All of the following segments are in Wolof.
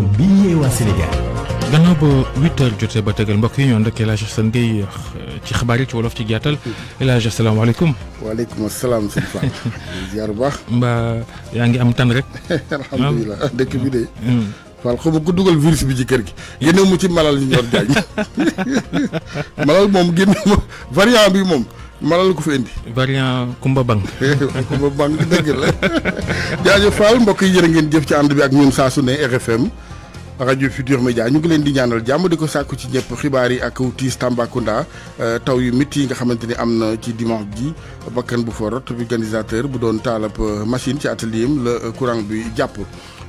bi yee waa gannaaw ba huit heures ba tegal mbokk yi ñoo ndekk El Hadj Assane Gueye euh, ci xabaar yi ci wolof ci gàttal El Hadj asalaamaaleykum. waaleykum salaam sëñ Fall. ziar bu baax. mbaa yaa ngi am tan rek. alhamdulilah ah. dëkk bi de. waaw mm. xam ku dugal virus bi ci kër gi génne mu ci malal ñu ñor jaay malal moom génne ma variant bi moom. malal ko fi indi. variant Kumba Bang. Kumba Bang dëgg la jaajëf Fall mbokk yi jërë ngeen jëf ci ànd bi ak ñun saa su ne RFM rajo Futur Média ñu ngi leen di ñaanal jàmm di ko sàkku ci ñëpp xibaar yi ak tiis Tambacounda euh, taw yu métti yi nga xamante ni am na ci dimanche ji bakkan bu forot organisateur bu doon taalab euh, machine ci ateliem la euh, courant bi jàpp.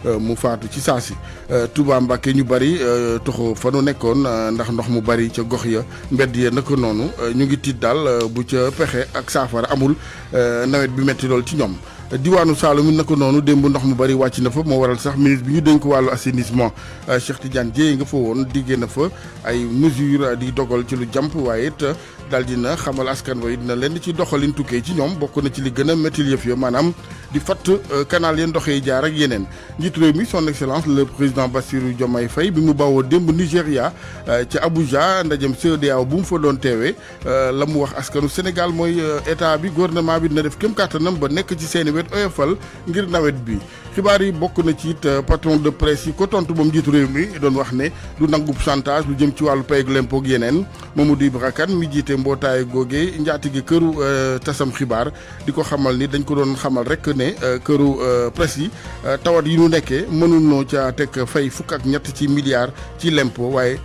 Euh, mu faatu ci saa si euh, Touba Mbacké ñu bari euh, toxo fa nu nekkoon ndax ndox mu bari ca gox ya mbedd ya naka noonu ñu ngi tiit daal bu ca pexe ak saafara amul nawet bi metti lool ci ñoom. diwaanu Saloum it naka noonu démb ndox mu bari wàcc na fa moo waral sax ministre bi ñu dénk wàllu assainissement Cheikh Tidiane Dièye nga fa woon diggee na fa ay mesures di dogal ci lu jàmp waaye it daal dina xamal askan wa dina leen ci doxalin tukkee ci ñoom bokk na ci li gën a métti yëf ya maanaam di fatt euh, canal yeen ndox yi jaar ak yeneen njiit réew mi son excellence le président Bassirou Diomaye Faye bi mu bawoo démb Nigéria euh, ci Abuja ndajem CEDEAO bu mu fa doon teewee euh, la mu wax askanu Sénégal mooy état bi gouvernement bi dina def kéem kàttanam ba nekk ci seeni wet oyofal ngir nawet bi xibaar yi bokk na ci it euh, patron de presse yi ko tontu moom njiitu réew mi doon wax ne du nangub chantage lu jëm ci wàllu payeg lempo ak yeneen Mamadou Ibra kan mi jiite mbootaay googee njaati gi këru euh, tasam xibaar di ko xamal ni dañ ko doon xamal rek ne euh, këru presse yi tawat yi ñu nekkee mënuloo ca teg fay fukk ak ñett ci milliards ci lempo waaye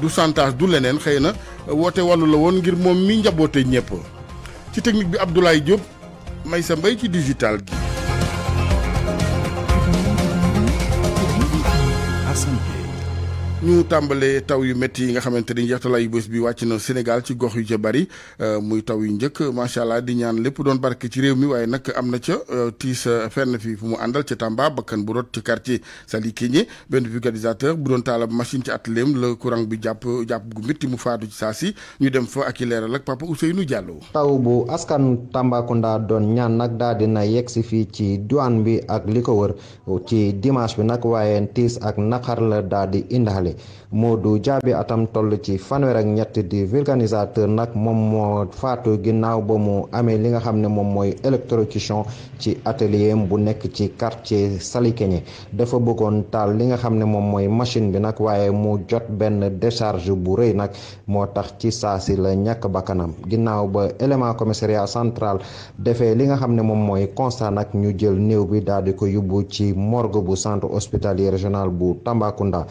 du chantage du leneen xëy na woote wàllu la woon ngir moom mi njaboote ñëpp ci technique bi Abdoulaye Diop may sa mbay ci digital gi ñu tàmbalee taw yu métti yi nga xamante ni njeextalaayu bés bi wàcc na Sénégal ci gox yu ca bari euh, muy taw yu njëkk macha allah di ñaan lépp doon barke ci réew mi waaye nag am na ca euh, tiis euh, fern fi fu mu àndal ca Tamba bakkan bu rot ci quartier Salikégné benn vulgarisateur bu doon taalab machine ci atleem la courant bi jàpp jàpp gu métti mu faatu ci saa si ñu dem fa ak i leeral ak papa Ousseynou Diallo. taw bu askan Tambacounda doon ñaan nag daal dina yegg si fii ci diwaan bi ak li ko wër ci dimanche bi nag waaye tiis ak naqar daal di indaale moo du Diaby atam toll ci fanweer ak ñett di vulcanisateur nag moom moo faatu ginnaaw ba mu amee li nga xam ne moom mooy électrocution ci atelier bu nekk ci quartier Salikégné dafa bëggoon taal li nga xam ne moom mooy machine bi nag waaye mu jot benn décharge bu rëy nag moo tax ci saa la ñàkk bakkanam ginnaaw ba élément commissariat centrale defee li nga xam ne moom mooy constat nag ñu jël néew bi daal di ko yóbbu ci morgue bu centre hospitalier régional bu Tambacounda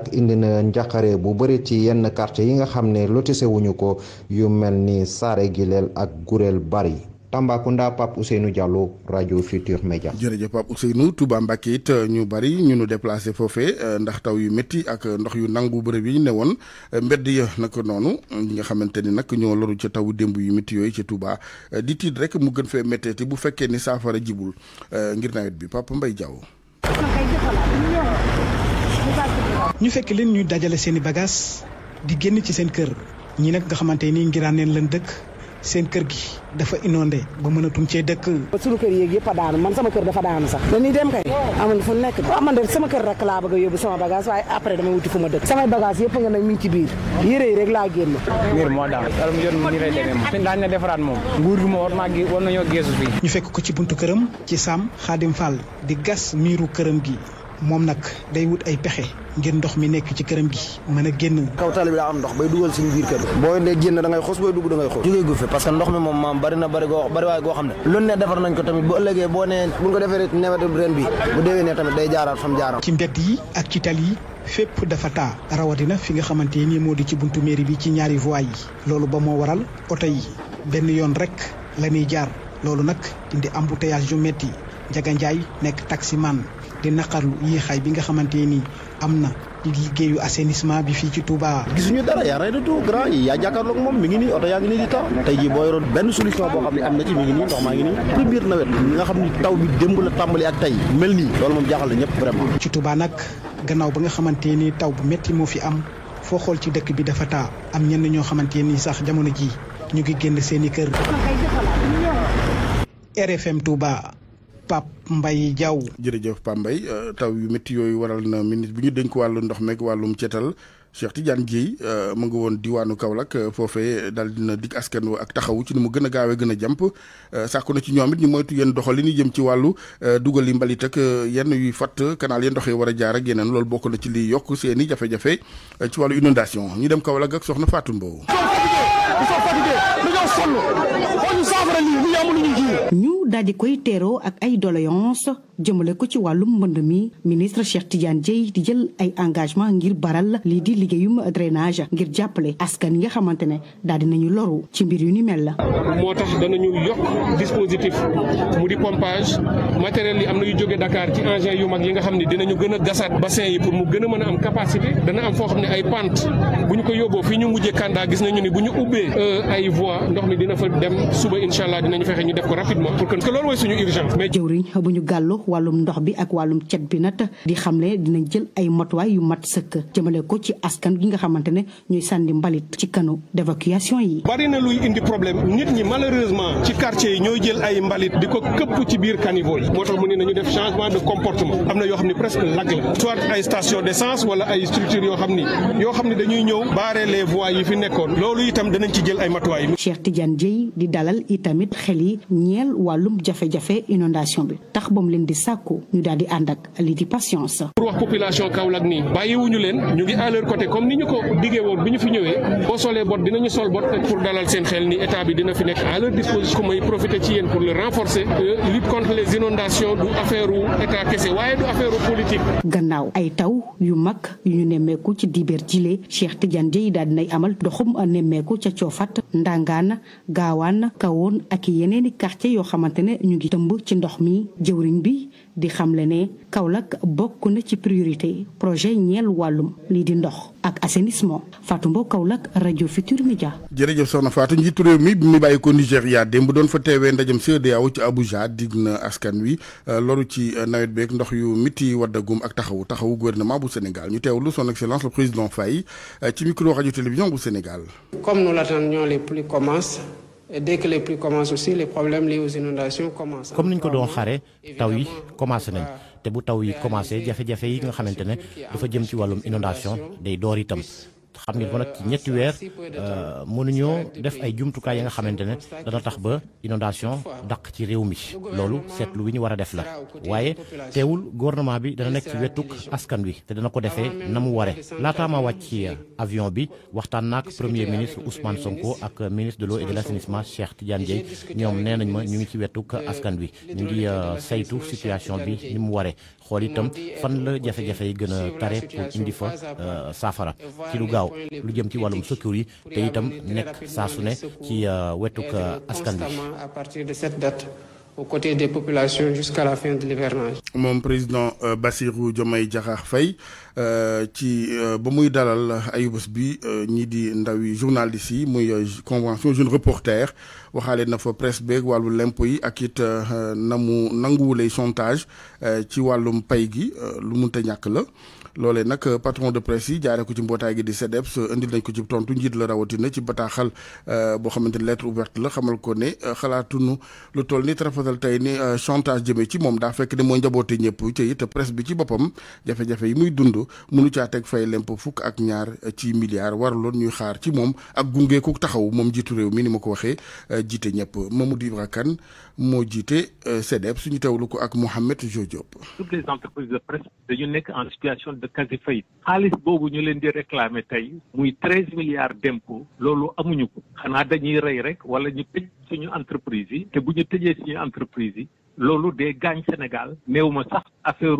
nag indi na njaqare bu bëri ci yenn quartier yi nga xam ne lotise wuñu ko yu mel ni Saare Gileel ak Gurel Bari Tambacounda Pape Ousseynou Diallo rajo Futur Media. jërëjëf Pape Ousseynou Touba Mbacke it euh, ñu bari ñu nu déplacé foofee euh, ndax taw yu métti ak euh, ndox yu nangu bërëb yi ne woon mbedd ya naka noonu ñi nga xamante ni nag ñoo loru ca tawu démb yu métti yooyu ci Touba di tiit rek mu gën fee métteeti bu fekkee ni saafara jibul ngir nawet bi Papa mbay Diaw. ñu fekk leen ñuy dajale seeni i di génn ci seen kër ñi nag nga xamante ni ngiraan neen lan dëkk seen kër gi dafa inondé ba mënatum cee dëkk. suñu kër yéeg yëpp a daanu man sama kër dafa daanu sax. dañuy dem kay. amul fu nekk waaw sama kër rek laa bëgg a yóbbu sama bagage waaye après dama wuti fu ma dëkk. samay bagage yëpp nga nag mi ngi ci biir yére yi rek laa génn. mbir moo daan wala mu jot mu nii lay demee moom. daañu la moom. war nañoo geesu fii. ñu fekk ko ci buntu këram ci Sam Khadim Fall di gas miiru këram gi moom nag day wut ay pexe ngir ndox mi nekk ci këram gi mën a génn kaw tali bi daa am ndox bay dugal si biir kër boo dee génn da ngay xos booy dugg da ngay xos jógee gu fi parce que ndox mi moom maam bari bari goo xam ne lu ne defar nañ ko tamit bu ëllëgee boo nee buñ ko defee nawet ren bi bu déwee ne tamit day jaaraat fam jaaraat ci mbedd yi ak ci tali yi fépp dafa taa rawatina fi nga xamante nii moo di ci buntu mairie bi ci ñaari voies yi loolu ba moo waral oto benn yoon rek la ñuy jaar loolu nag indi embouteillage yu metti Njaga Njaay nekk taximan di naqarlu yéexaay bi nga xamante ni am na ci liggéeyu assainissement bi fii ci Touba. gisuñu dara yaa rien du grand yi yaa jàkkaarloog moom mi ngi nii oto yaa ngi nii di taw tey jii boo yoroon benn solution boo xam ne am na ci mi ngi nii ndox maa ngi nii ci nawet bi nga xam ni taw bi démb la tàmbali ak tey mel nii loolu moom jaaxal na ñëpp vraiment. ci Touba nag gannaaw ba nga xamante ni taw bu métti moo fi am foo xool ci dëkk bi dafa taa am ñenn ñoo xamante ni sax jamono ji ñu ngi génn seeni kër. Pape mbay Diaw. jërëjëf Pape Mbaye euh, taw yu métti yooyu waral na ministre bi ñu denk wàllu ndox meeg wàllum cetal Cheikh Tidiane Dièye euh, mu ngi woon diwaanu Kaolack euh, foofee daal dina dig askan ak taxawu ci ni mu gën a gaawee gën a jàmp sàkku na ci ñoom it ñu moytu yenn doxalin yi jëm ci wàllu dugal yi mbalit ak yenn yuy fatt kanaal yi ndox yi war a jaar ak yeneen loolu bokk na ci liy yokk seeni jafe-jafe ci wàllu inondation ñu dem Kaolack ak soxna Fatou Mbow. ñu daal di koy teeroo ak ay doléances jëmale ko ci wàllum mbënd mi ministre Cheikh Tidiane Dieye di jël ay engagement ngir baral lii di liggéeyum drainage ngir jàppale askan yi nga xamante ne daal dinañu loru ci mbir yu ni mel la. moo tax danañu yokk dispositif mu di pompage matériel yi am na yu jóge Dakar ci yi nga xam ne dinañu gën a gasaat bassin yi pour mu gën a mën a am capacité dana am foo xam ne ay pente bu ñu ko yóbboo fii ñu mujjee Kanda gis nañu ni bu ñu ubbee euh, ay voie ndox mi dina fa dem suba incha allah dinañu fexe ñu def ko rapidement pour que loolu mooy suñu urgence mais jëwriñ bu ñu gàllu wàllum ndox bi ak wàllum cet bi nag di xamle dinañ jël ay matuwaay yu mat sëkk jëmale ko ci askan gi nga xamante ne ñuy sànni mbalit ci kanu d'évacuation yi. bari na luy indi problème nit ñi malheureusement ci quartier yi ñooy jël ay mbalit di ko këpp ci biir caniveau yi moo tax mu ne nañu def changement de comportement am na yoo xam ne presque lag la soit ay station d'essence wala ay structures yoo xam ni yoo xam ni dañuy ñëw barrer les voies yi fi nekkoon loolu itam danañ ci jël ay matuwaay. Cheikh Tidiane Dieye di dalal itamit xel yi ñeel wàllum jafe-jafe bi sàkku ñu daal di ànd ak lii di patience. pour wax population Kaolack nii bàyyiwuñu leen ñu ngi à leur côté comme ni ñu ko diggee woon bi ñu fi ñëwee boo solee bot dinañu sol bot pour dalal seen xel ni état bi dina fi nekk à leur disposition may profiter ci yéen pour le renforcer euh, lutte contre les inondations du affaire wu état kese waaye du affaire wu politique. gannaaw ay taw yu mag yu ñu nemmeeku ci dibeer jile Cheikh Tidiane Dieye daal dinay amal doxum nemmeeku ca Coofat Ndangaan Gaawaan Kawoon ak yeneen yoo xamante ne ñu ngi ci ndox mi di xamle ne Kaolack bokk na ci priorité projet ñeel wàllum lii di ndox ak assainissement Fatou Mbow Kaolack rajo Futur Media. jërëjëf soxna Fatou njiitu réew mi bi mu bàyyi ko Nigéria démb doon fa teewee ndajam CEDEAO ci Abuja digg na askan wi euh, loru ci euh, nawet beeg ndox yu miti waddagum ak taxawu taxawu gouvernement bu senegal ñu teew lu son excellence le président Faye euh, ci micro rajo télévision bu Sénégal. comme nous l'attendons les pluies commencent. Et dès que les pluies commencent aussi les problèmes liés aux inondations commencent. comme ni ko doon xaare taw yi commencé nañ te bu taw yi commencé jafe-jafe yi nga xamante ne dafa jëm ci wàllum inondation day door itam xam ngeen ko nag ci ñetti weer euh, mënuñoo def ay jumtukaay yi nga xamante ne dana tax ba inondation daq ci réew mi loolu seetlu wi ñu war a def la waaye teewul gouvernement bi dana nekk ci wetuk askan wi te dana ko defee na mu ware laataa ma wàcc ci avion bi waxtaan naak premier ministre Ousmane Sonko ak ministre de l'eau et de l'assainissement Cheikh Tidiane Dieye ñoom nee nañ ma ñu ngi ci wetuk askan wi ñu ngi euh, saytu situation bi ni mu ware xool itam fan la jafe-jafe yi gën a tare fa euh, saafara taxaw lu jëm ci wàllum secours yi te itam nekk saa su ne ci euh, wetuk euh, askan bi. aux côtés des populations jusqu'à la fin de l'hivernage. moom président euh, Bassirou Diomaye Diakhar Faye ci ba muy dalal ayubés bi ñii di ndawi journalistes yi muy convention jeune reporter waxaale na fa presse wàllu lempo yi ak it na mu nanguwulay chantage ci wàllum pay gi lu munta ñàkk la. loolee nag euh, patron de presse yi jaaree ko ci mbootaay gi di CDEPS euh, indil nañ ko ci tontu njiit la rawatina ci bataaxal euh, boo xamante ni lettre ouverte la xamal ko ne xalaatunu lu toll ni tarafatal tey ni chantage jëmee ci moom daa fekk ne mooy njaboote ñëpp ci it presse bi ci boppam jafe-jafe yi muy dund munu caa teg fay lemp fukk ak ñaar ci milliards waraloon ñuy xaar ci moom ak gungeeku taxaw moom jiitu réew mi ni ma ko waxee jiite ñëpp Mamadou Ibra Kane moo jiite euh, CDEP suñu tewlu ko ak Mouhamed Diop. toutes les entreprises de presse dañu nekk en situation de quasi faillite xaalis boobu ñu leen di réclamer tey muy treize milliards d'impôts loolu amuñu ko xanaa dañuy rey rek wala ñu tëj suñu entreprise yi te bu ñu tëjee suñu entreprise yi loolu day gaañ Sénégal néew ma sax affaire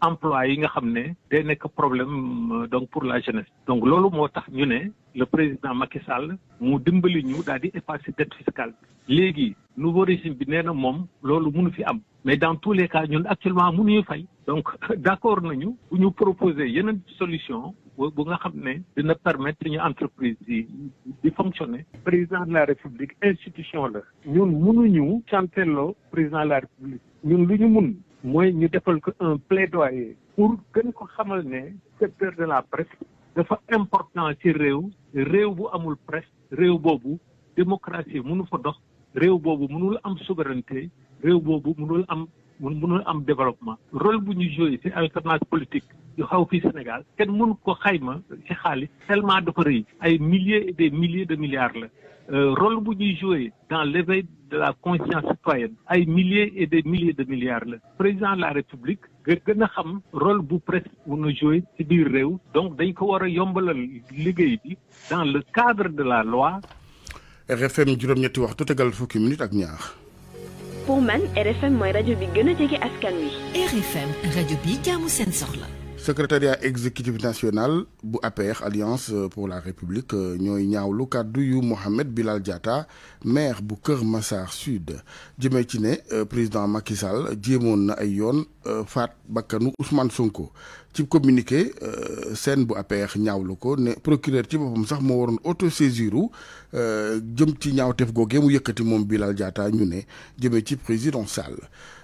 emploi yi nga xam ne dee nekk problème euh, donc pour la jeunesse donc loolu moo tax ñu ne le président Macky mu dimbali ñu daal di effacer dette fiscale bi léegi nouveau régime bi nee na moom loolu munu fi am mais dans tous les cas ñun actuellement mënuñu fay donc d'accord nañu bu ñu proposer yeneen solution bu nga xam ne dina permettre ñu entreprise yi di fonctionner président de la république institution la ñun mënuñu cantello président de la république ñun lu ñu mun mooy ñu defal ko un plaidoyer pour gën ko xamal ne secteur de la presse dafa important ci réew réew bu amul presse réew boobu démocratie mënu fa dox réew boobu mënul am souveraineté réew boobu mënul am mënul am développement rôle bu ñu joué ci alternance politique yu xaw fii Sénégal kenn mënu ko xayma ci xaalis tellement dafa rëy ay milliers et des milliers de milliards la euh, rôle bu ñuy joué dans l'éveil de la conscience citoyenne ay milliers et des de milliards la président de la république nga gën a xam rôle bu presse mun a joué ci biir réew donc dañ ko war a yombalal liggéey bi dans le cadre de la loi RFM juróom-ñetti waxtu tegal fukki minutes ak ñaar pour man RFM mooy rajo bi gën a jege askan wi secrétariat exécutif national bu APR alliance euh, pour la république euh, ñooy ñaawlu kàddu yu Mohamed Bilal jaata maire bu Kër Massar Sud jëmee ci ne euh, président Macky Sall jéemoon na ay yoon faat bakkanu Ousmane Sonko ci communiqué seen bu APR ñaawlu ko ne procureur ci boppam sax moo waroon autosaisiru jëm ci ñaawteef googee mu yëkkati moom Bilal Diatta ñu ne jëme ci président Sall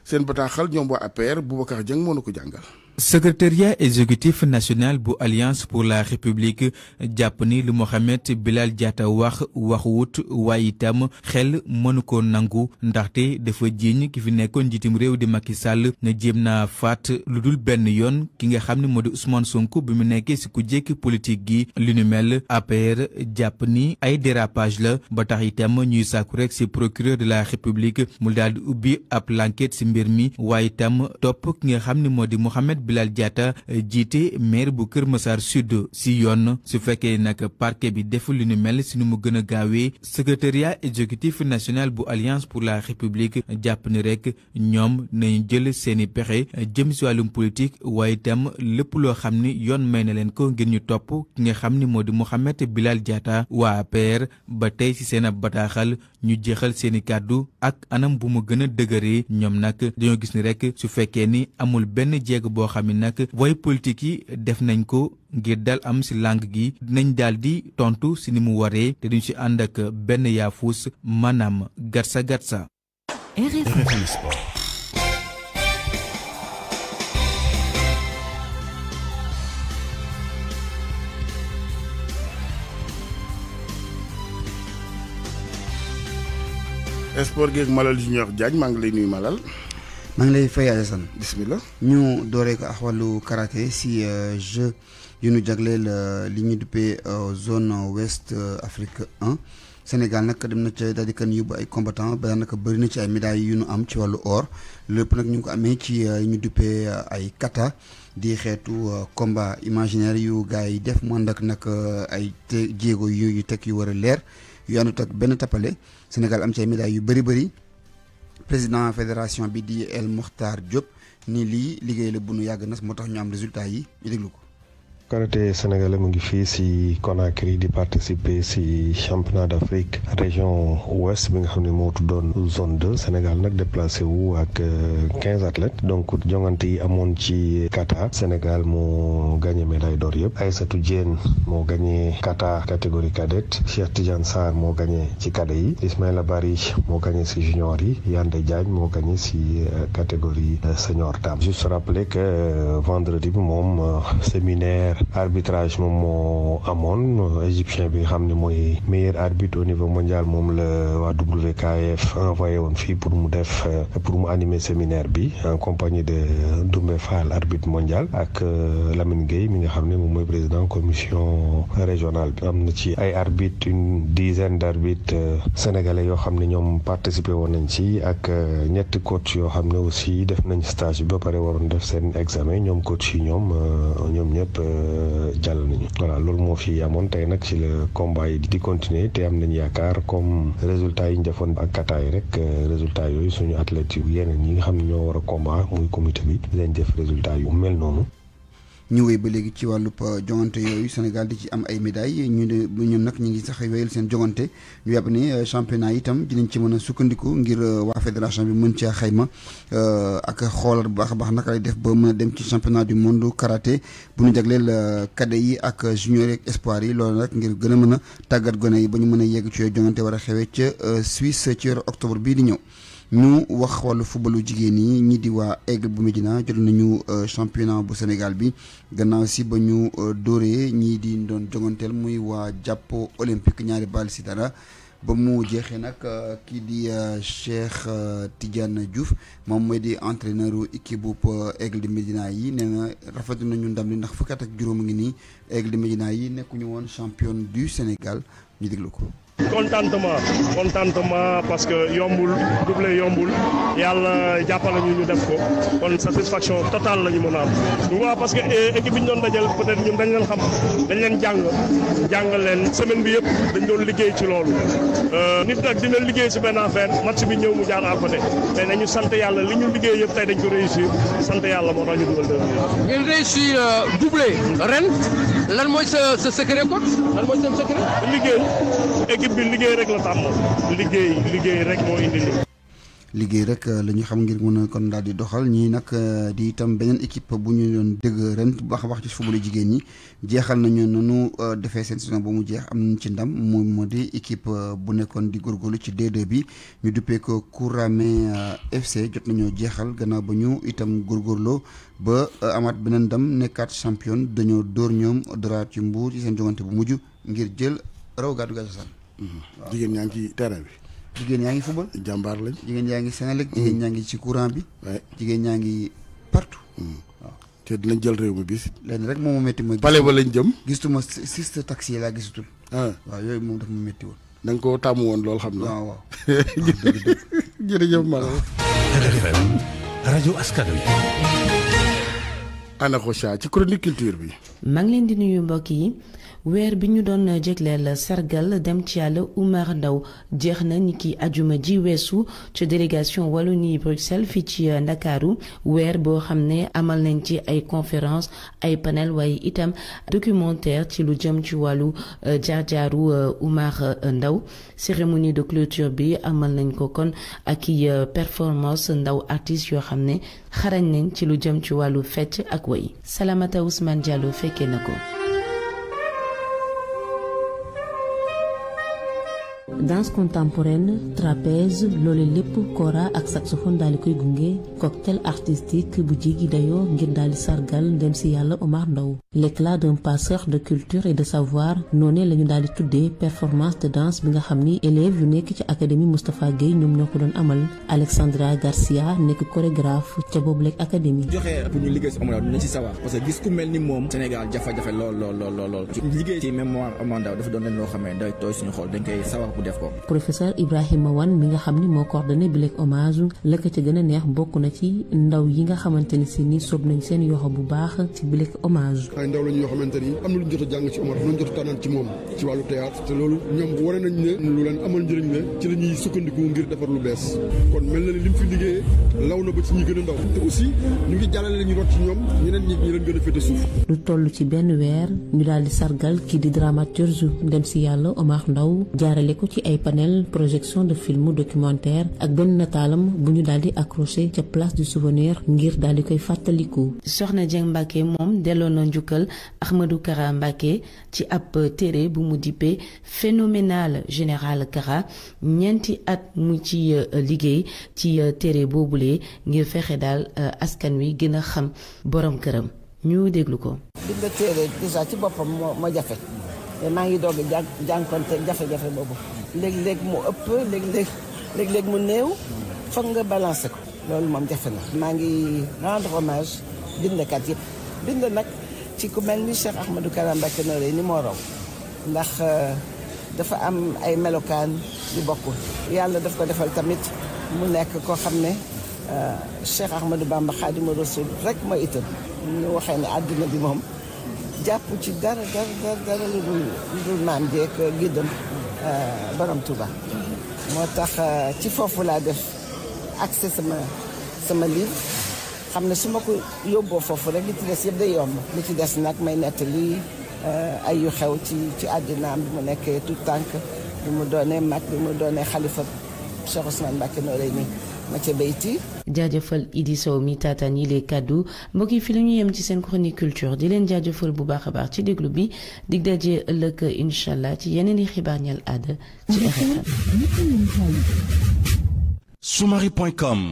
seen bataaxal ñoom waa APR Boubacar Dieng moo na ko jàngal. secrétariat exécutif national bu alliance pour la république jàpp ni lu Mohamed Bilal Diatta wax waxuwut waaye itam xel mënu ko nangu ndaxte dafa jiiñ ki fi nekkoon njiitum réew di Macky Sall na jéem naa faat lu dul benn yoon ki nga xam ne moo di Ousmane Sonko bi mu nekkee si ku jékki politique gi li nu mel APR jàpp ni ay dérapage la ba tax itam ñuy sàkku rek si procureur de la république mu daal di ubbi ab l'enquête si mbir mi waay itam topp ki nga xam ne bilaal jaata eh, jiite maire bu Kër Massar Sud si yoon su fekkee nag parquet bi deful lu nu mel si nu mu gën a gaawee secrétariat exécutif national bu alliance pour la république eh, jàpp ni rek ñoom nañu jël seeni pexe eh, jëm si wàllum politique waaye itam lépp loo xam ni yoon may na leen ko ngir ñu topp ki nga xam ni moo di Mouhamed Bilal jaata waa APR ba tey si seen ab bataaxal ñu jeexal seeni kàddu ak anam bu ma gën a dëgëree ñoom nag dañoo gis ni rek su fekkee ni amul benn jéego boo xam ne nag way politique yi def nañ ko ngir dal am ci langue gi dinañ daal di tontu ci ni mu waree te duñ ci ànd ak benn yaafus maanaam gatsa gatsa. sport geeg Malal Junior Diagne maa ngi lay nuyu Malal. maa ngi lay fay Alassane. bismillah ñu dooree ko ak wàllu karaté si euh, jeu yu ñu jagleel euh, li ñu duppee euh, zone west Afrique 1 Sénégal nag dem na ca daal di kan yóbbu ay combattant ba daanaka bëri na ci ay médailles yu ñu am ci wàllu or lépp nag ñu ko amee ci ñu duppee ay kata di xeetu combat imaginaire yu gars yi def mu ànd ak nag ay jéego yu yu teg yu war a leer yu àndut ak benn tappale Sénégal am ci ay yu bëri bëri président fédération bi di El Mokhtar Diop ni lii liggéey la bu nu yàgg nas moo tax ñu am résultat yi ñu déglu ko. karaté sénégalais mu ngi fii si Conakry di participer si championnat d'Afrique région ouest bi nga xam ni moo tuddoon zone 2 Sénégal nag déplacé wu ak 15 euh, athlètes donc jongante yi amoon ci kata Sénégal moo gagné médaille door yëpp Aïssatou Diène moo gagné kata catégorie cadette Cheikh Tidiane Sarr moo gagné ci cadet yi Ismaïla Barry moo gagné si junior yi Yande Diagne moo gagné si euh, catégorie euh, senior dame juste rappeler que vendredi bi moom séminaire Angleterre arbitrage moo amoon égyptien bi nga xam ne mooy meilleur arbitre au niveau mondial moom la waa WKF envoyé woon fii pour mu def euh, pour mu animer séminaire bi en compagnie de euh, Doumbé Fall arbitre mondial ak euh, Lamine Gueye mi nga xam ne moom mooy président commission régionale bi am na ci ay arbitres une dizaine d' arbitres sénégalais yoo xam ne ñoom participé woon nañ ci ak ñetti coach yoo xam ne aussi def nañ stage bi ba pare waroon def seen examen ñoom coach yi ñoom ñoom ñëpp. jàll nañu voilà loolu moo fi amoon tey nag ci la combat di continuer te am nañu yaakaar comme résultat yi ñu defoon ak Qatar rek euh, résultat yooyu suñu athlètes yu yeneen yi nga xam ne ñoo war a combat muy comité bi leen def résultat yu mel noonu ñu wéy ba léegi ci wàllub euh, jongante yooyu Sénégal di ci am ay médailles ñu ne ñoom nag ñu ngi sax wéyal seen jongante ñu yàpp ne euh, championnat yi itam dinañ ci mën a sukkandiku ngir euh, waa fédération bi mën cee xayma ak xoolal bu baax a baax naka lay def ba mën a dem ci championnat du monde karaté bu ñu jagleel cadet yi ak junior yeeg espoir yi loolu nag ngir gën a mën a tàggat gone yi ba ñu mën a yegg ci yooyu jongante war a xewee ca Suisse ci weeru octobre bii di ñëw. ñu wax wàllu footballu jigéen yi ñi di waa aigle bu Médina jot nañu euh, championnat bu Sénégal bi gannaaw si ba ñu euh, dóoree ñii di doon jonganteel muy waa jàpp olympique ñaari bal si dara ba mu jeexee nag euh, kii di Cheikh Tidiane Diouf moom mooy di entraîneur équipe bu aigle di Médina yi nee na rafetlu nañu ndam li ndax fukki at ak juróom ngi nii aigle de Médina yi nekkuñu woon champion du Sénégal ñu déglu ko. contentement contentement parce que yombul doublé yombul yàlla jàppale ñu ñu def ko kon satisfaction totale la ñu mën a am ñu waaw parce que eh, équipe bi ñu doon dajal peut-être ñun dañ leen xam dañ leen jàng jàngal leen semaine bi yëpp dañ doon liggéey ci loolu euh, nit nag dina liggéey si benn affaire match bi ñëw mu jaar à côté mais nañu sant yàlla li ñu liggéey yëpp tey dañ ko réussir sant yàlla moo tax ñu dugal dëgg. ngeen réussir euh, doublé ren. lan mooy sa sa secret coach lan mooy seen secret. liggéey équipe bi liggéey rek la tàmm liggéey liggéey rek moo liggéey rek euh, la ñu xam ngir mën a kon daal di doxal ñii nag euh, di itam beneen équipe bu ñu doon dégg ren bu wax a baax ci football jigéen ñi jeexal nañu nanu euh, defee seen saison bu mu jeex am nañ ci ndam moom moo di équipe bu nekkoon di góorgóorlu ci d bi ñu duppee ko Kourame FC jot nañoo jeexal gannaaw ba ñu itam góor góorgóorloo ba amaat beneen ndam nekkaat champion dañoo dóor ñoom doraat ci mbuur ci seen jongante bu mujj ngir jël raw gàddu gàddu saan. jigéen yaa ngi football. jàmbaar lañ. jigéen yaa ngi Sénélec. Mm. jigéen ñaa ngi ci courant bi. jigéen ñaa ngi partout. Mm. waaw te dinañ jël réew mi bis. lenn rek moom moo métti ma. pale ba lañ jëm. gisatuma siste taxi yi laa gisatul. Ah. waaw yooyu moom dafa ma métti woon. da nga koo tàmm woon lool xam na. waaw waaw jërëjëf Malang. RFM rajo askan wi. Anna Rocha ci chronique bi. maa ngi leen di nuyu mbokk yi weer bi ñu doon jégleel sargal dem ci yàlla Oumar ndaw jeex na ni ki ajuma ji weesu ci délégation Wallonie Bruxelles fii ci ndakaaru weer boo xam ne amal nañ ci ay conférence ay panel waaye itam documentaire ci lu jëm ci wàllu euh, jaar-jaaru Oumar euh, Ndao cérémonie de clôture bi amal nañ ko kon ak i euh, performance ndaw artistes yoo xam ne xarañ nañ ci lu jëm ci wàllu fecc ak ak woy Salamata Ousmane Diallo fekkee na ko danse contemporaine trapèze loole lépp kora ak saxophone daal di koy gunge cocktail artistique bu jéggi dayoo ngir daal di sargal ndem si yàlla Omar Ndao l'éclat d'un passeur de culture et de savoir noonee la ñu daal di tuddee performance de danse bi nga xam ni élèves yu nekk ci académie Moustapha Guèye ñoom ñoo ko doon amal Alexandra Garcia nekk chorégraphe ca boobu lekk académie. joxe pour ñu liggéey si Omar dina ci sawar parce que gis ku mel ni moom Sénégal jafe-jafe lool lool lool lool lool def ko. professeur Ibrahima Wane mi nga xam ni moo coordonné bi lekk hommage la ca gën a neex bokk na ci ndaw yi nga xamante ni si ni soob nañ seen yoxo bu baax ci bi lekk hommage. ay ndaw lañ yoo xamante ni am na luñ jot a jàng ci Omar luñ jot a tànnaan ci moom ci wàllu théâtre te loolu ñoom wane nañ ne lu leen amal njëriñ la ci la ñuy sukkandiku ngir defar lu bees kon mel na ni lim fi liggéeyee law na ba ci ñi gën ndaw te aussi ñu ngi jàllale ñu rot ci benn weer ñu daal di sargal kii di dramaturge dem si yàlla Omar ci ay panel projection de film documentaire ak benn nataalam bu ñu daal di accroché ca place du souvenir ngir daal di koy fàttaliku. Soxna Dieng Mbacke moom delloo na njukkal Ahmadou Kara Mbacke ci ab téere bu mu dippee phénoménal général Kara ñeenti at mu ci euh, liggéey ci euh, téere boobule ngir fexe daal euh, askan wi gën a xam borom këram ñu déglu ko. biñ téere déjà ci boppam moo moo jafe maa ngi doog a jànkonte jafe-jafe boobu. léeg-léeg mu ëpp léeg-léeg léeg-léeg mu néew foog nga balancer ko loolu moom jafe na maa ngi rendre hommage bindkat yëpp bind nag ci ku mel ni Cheikh Ahmadou Karam Mbacké Noreyni ni moo raw ndax euh, dafa am ay melokaan yu bokkul yàlla daf ko defal tamit mu nekk koo xam ne euh, Cheikh Ahmadou Bamba Khadimou Rassoul rek mooy itam ñu waxee ne àdduna bi moom jàpp ci dara dara dara lu dul maam jeeg giddam Euh, borom Touba. moo tax euh, ci foofu laa def accès sama sama livre xam ne su ma ko yóbboo foofu rek li ci des yëpp day yomb li ci des nag may nettali euh, ay xew ci ci àddinaam bi mu nekkee tu tànk bi mu doonee mag bi mu doonee xalifa Cheikh Ousmane Mbacké Noreyni Mathieu Beyti. jaajëfal Idi Sow mi taataan yi les kaddu mbokk fi la yem ci seen chronique culture di leen jaajëfal bu baax a baax ci déglu bi dig daje ëllëg incha allah ci yeneen i xibaar ñal aada ci RFM. sumari.com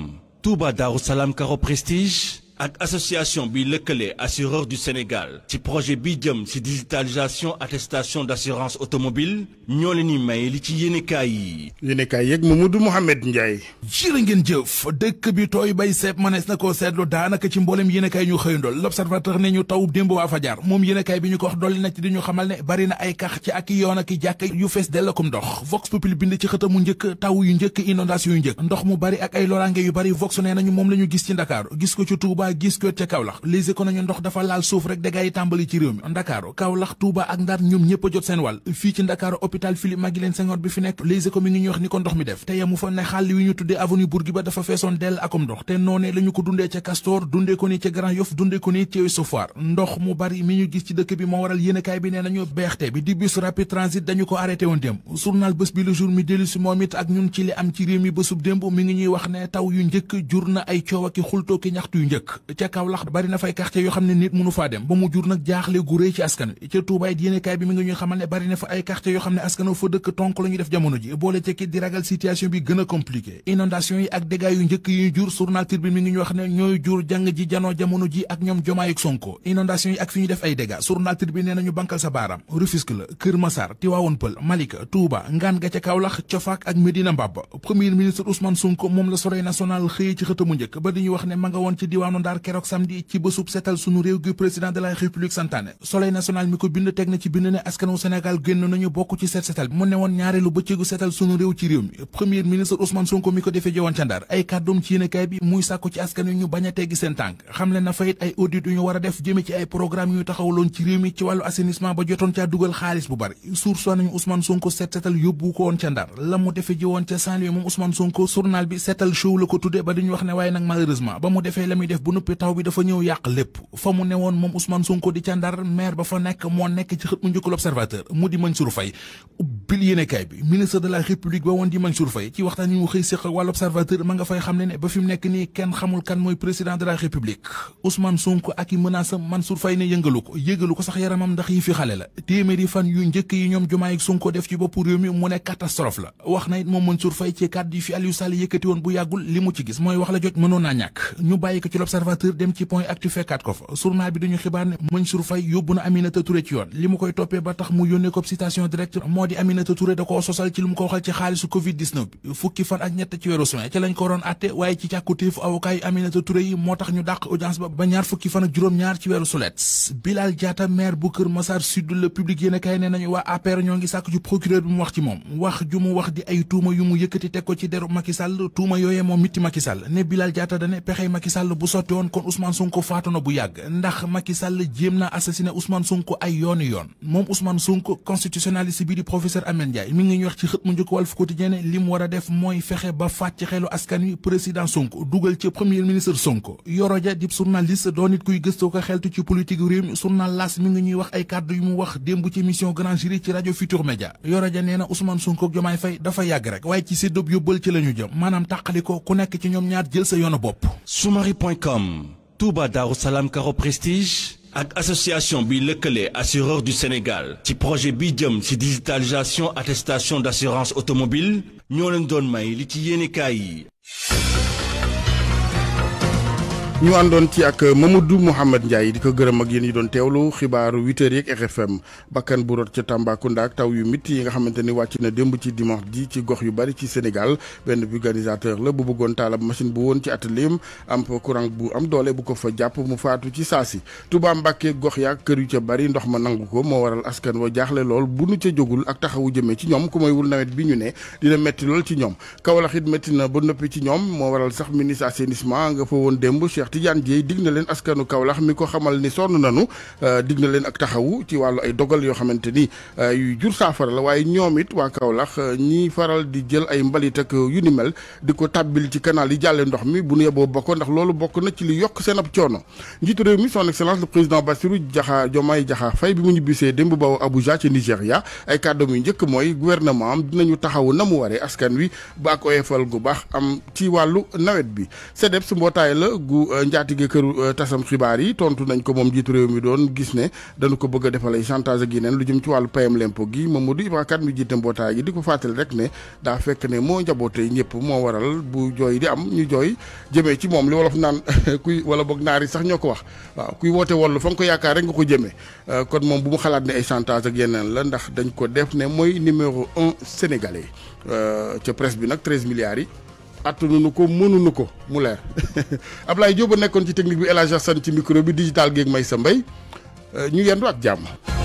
ak association bi lëkkale assureur du Sénégal ci projet bi jëm ci digitalisation attestation d'assurance automobile ñoo leen ni may li ci yéenekaay yi. yéenekaay yeeg Mamadou Mouhamed Ndiaye. jërë ngeen jëf dëkk bi tooy bay seet mënees na koo seetlu daanaka ci mboolem yéenekaay ñu xëyandool l'observateur ne ñu taw démb waa Fajar moom yéenekaay bi ñu ko wax dolli na ci di ñu xamal ne bari na ay kax ci ak yoon ak jàkk yu fees dellakum ndox Vox Populi bind ci taw yu njëkk inondation yu ndox mu bari ak yu bari Vox nee nañu moom la ñu gis ci Dakar gis ko ci Touba Touba gis ko ca Kaolack les écono ñu ndox dafa laal suuf rek dégâts yi tàmbali ci réew mi Ndakaaru Kaolack Touba ak Ndar ñoom ñëpp jot seen wàll fii ci Ndakaaru hôpital Philippe Maguilène Senghor bi fi nekk les écono mi ngi ñuy wax ni ko ndox mi def te yamu fa ne xàll wi ñu tuddee avenue Bourguiba dafa feesoon dell akom ndox te noonee la ko dundee ca Castor dundee ko ni ca Grand Yoff dundee ko ni ci Soufar ndox mu bari mi ñu gis ci dëkk bi moo waral ca Kaolack bari na fay quartier yoo xam ne nit mënu faa dem ba mu jur nag jaaxle gu rëy ci askan wi ca Touba it yéenekaay bi mi ngi ñuy xamal ne bari na fa ay quartier yoo xam ne askan fa dëkk tonk la def jamono ji boole ca di ragal situation bi gën a compliqué yi ak dégâts yu njëkk yu jur journal Tribune mi ngi ñu wax ne ñooy jur jàng ji janoo jamono ji ak ñoom Jomaay ak Sonko yi ak fi ñu def ay dégâts journal Tribune ne ma standard keroog samedi ci bésub setal sunu réew gi président de la république santaane soleil national mi ko bind teg na ci bind ne askanu sénégal génn nañu bokk ci set setal mu ne woon ñaareelu bëccëgu setal sunu réew ci réew mi premier ministre Ousmane Sonko mi ko defee jowoon ca Ndar ay kàddoom ci yéenekaay bi muy sàkku ci askan wi ñu bañ a teggi seen tànk xam na fayit ay audit yu ñu war a def jëme ci ay programme yu taxawaloon ci réew mi ci wàllu assainissement la mu defe ji woon ca Saint-Louis moom Ousmane Sonko journal mu defee la def bu nuppi taw bi dafa ñëw yàq lépp fa mu ne woon moom Ousmane Sonko di ca Ndar maire ba fa nekk moo nekk ci xët mu njëkk mu di Mansour Faye ubbil yéenekaay bi ministre de la république ba woon di Mansour Faye ci waxtaan yi mu xëy séq ak wàllu observateur ma nga fay xam ne ne ba fi nekk nii kenn xamul kan mooy président de la république Ousmane Sonko ak i menace Mansour Faye ne yëngalu ko yëgalu ko sax yaramam ndax yi fi xale la téeméeri fan yu njëkk yi ñoom Diomaye ak Sonko def ci bopp réew mi mu ne catastrophe la wax na it moom Mansour Faye ci kàddu yi fi Aliou Sall yëkkati woon bu yàggul li Aminata Touré da koo sosal ci lu mu ko waxal ci xaalisu covid fukki fan ak ñett ci weeru juin ci lañ ko doon atte waaye ci càkkutéefu avocat yi Aminata Touré yi moo tax ñu dàq audience ba ñaar fukki fan ak juróom-ñaar ci weeru sulet Bilal Diatta maire bu Kër Massar Sud le public yéen a kay ne nañu waa APR ñoo ngi sàkk ci procureur bi mu wax ci moom wax ju mu wax di ay tuuma yu mu yëkkati teg ko ci deru Macky tuuma yooyee moom mitti Macky ne Bilal docteur Ameth Ndiaye mi ngi ñuy wax ci xët mu njëkk Walf Quotidien li mu war a def mooy fexe ba fàcc xelu askan wi président Sonko dugal ci premier ministre Sonko Yoro Dia dib journaliste doon nit kuy gëstoo ko xeltu ci politique réew mi journal L'As mi ngi ñuy wax ay kàddu yu mu wax démb ci émission Grand Jury ci rajo Futur Média Yoro Dia nee na Ousmane Sonko ak Jomaay Faye dafa yàgg rek waaye ci séddoob yóbbal ci la ñu jëm maanaam tàqaliko ku nekk ci ñoom ñaar jël sa yoonu bopp sumari.com Touba Darou Salam Caro Prestige ak association bi lëkkale assureur du Sénégal ci projet bi jëm ci digitalisation attestation d'assurance automobile ñoo leen doon may li ci yéenekaay yi ñu àndoon ci ak ma Mamadou Mouhamed yi di ko gërëm ak yéen ñi doon teewlu xibaaru 8h yeeg RFM bakkan bu rot ca Tambacounda ak taw yu métti yi nga xamante ni wàcc na démb ci dimanche di ci gox yu bari ci Sénégal benn ganisateur la bu bëggoon taalab machine bu woon ci atelier am courant bu am doole bu ko fa jàpp mu faatu ci saa saasi. tubaam Mbacké gox yaag kër yu ca bari ndox ma nangu ko moo waral askan wa jaaxle lool bu nu ca jógul ak taxawu jëmee ci ñoom ku may wul nawet bi ñu ne dina métti lool ci ñoom Kaolack it métti na ba noppi ci ñoom moo waral sax ministre assainissement nga Cheikh Tidiane Dièye na leen askanu Kaolack mi ko xamal ni sonn nanu euh, dig na leen ak taxawu ci wàllu ay dogal yoo xamante ni euh, yu jur saafara la waaye ñoom it waa Kaolack euh, ñiy faral di jël ay mbalit ak yu ni mel di ko tàbbil ci kanaal yi jàlle ndox mi bu nu yeboo bokk ndax loolu bokk na ci li yokk seen ab coono njiitu réew mi son excellence le président Bassirou Diakha Diomaye Diakhar fay bi mu ñibbisee bu ba Abuja ci Nigéria ay kàddoom yu njëkk mooy gouvernement am dinañu taxawu na mu waree askan wi ba ak oyofal gu baax am ci wàllu nawet bi SEDEPS mbootaay la Euh, njaatige kër euh, tasam xibaar yi tontu nañ ko moom jiitu réew mi doon gis ne dana ko bëgg defal ay chantage ak yeneen lu jëm ci wàllu payam lempo gi Mamadou Ibra Kane mi jiite mbootaay gi di ko fàttali rek ne daa fekk ne moo njabootee ñëpp moo waral bu jooy di am ñu jooy jëmee ci moom li wolof naan kuy wala boog naar yi sax ñoo ko wax waaw kuy woote wollu fa nga ko yaakaar rek nga ko jëmee euh, kon moom bu mu xalaat ne ay chantage ak yeneen la ndax dañ ko def ne mooy numéro un sénégalais ca bi nag 13 milliards yi attanunu ko mënunu ko mu leer Ablaye Diop nekkoon ci technique bi El Hadj Assane ci micro bi digital géeg may sa mbay euh, ñu yendu ak jàmm